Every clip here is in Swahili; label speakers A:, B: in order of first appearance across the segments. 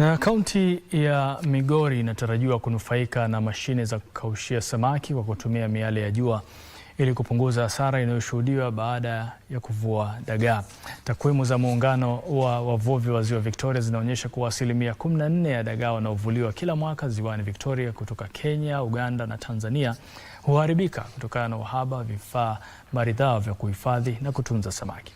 A: Na kaunti ya Migori inatarajiwa kunufaika na mashine za kukaushia samaki kwa kutumia miale ya jua ili kupunguza hasara inayoshuhudiwa baada ya kuvua dagaa. Takwimu za muungano wa wavuvi wa Ziwa Victoria zinaonyesha kuwa asilimia 14 ya dagaa wanaovuliwa kila mwaka ziwani Victoria kutoka Kenya, Uganda na Tanzania huharibika kutokana na uhaba wa vifaa maridhawa vya kuhifadhi na kutunza samaki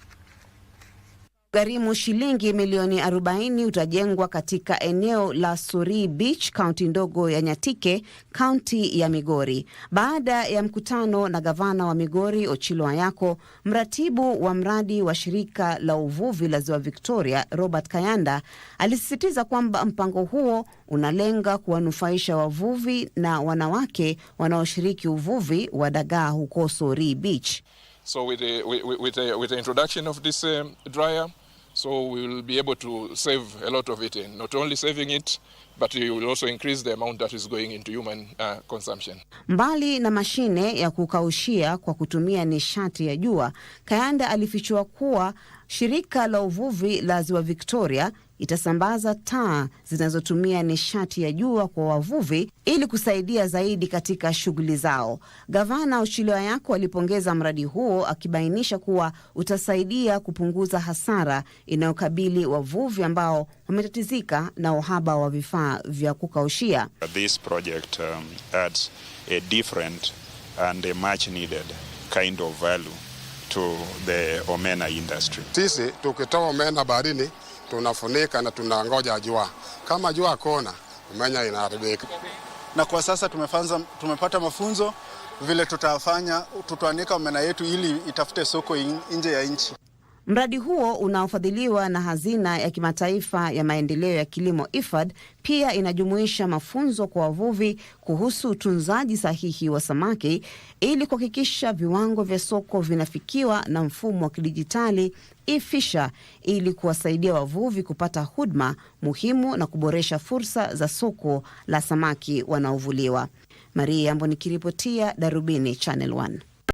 B: gharimu shilingi milioni 40 utajengwa katika eneo la Suri Beach, kaunti ndogo ya Nyatike, kaunti ya Migori. Baada ya mkutano na gavana wa Migori Ochilo Ayako, mratibu wa mradi wa shirika la uvuvi la Ziwa Victoria Robert Kayanda alisisitiza kwamba mpango huo unalenga kuwanufaisha wavuvi na wanawake wanaoshiriki uvuvi wa dagaa huko Suri Beach.
C: So with the, with the, with the introduction of this um, dryer So we will be able to save a lot of it in not only saving it but we will also increase the amount that is going into human uh, consumption.
B: Mbali na mashine ya kukaushia kwa kutumia nishati ya jua, Kayanda alifichua kuwa Shirika la uvuvi la Ziwa Victoria itasambaza taa zinazotumia nishati ya jua kwa wavuvi ili kusaidia zaidi katika shughuli zao. Gavana Ochilo Ayako alipongeza mradi huo akibainisha kuwa utasaidia kupunguza hasara inayokabili wavuvi ambao wametatizika na uhaba wa vifaa vya kukaushia.
D: This project, um, adds a different and a much needed kind of value to the omena industry.
E: Sisi tukitoa omena baharini tunafunika na tunangoja jua. Kama jua kona, omena inaharibika.
F: Na kwa sasa tumefanza, tumepata mafunzo vile tutafanya, tutanika omena yetu ili itafute soko nje ya nchi.
B: Mradi huo unaofadhiliwa na hazina ya kimataifa ya maendeleo ya kilimo IFAD pia inajumuisha mafunzo kwa wavuvi kuhusu utunzaji sahihi wa samaki ili kuhakikisha viwango vya soko vinafikiwa na mfumo wa kidijitali ifisha ili kuwasaidia wavuvi kupata huduma muhimu na kuboresha fursa za soko la samaki wanaovuliwa. Maria Ambo nikiripotia Darubini Channel 1.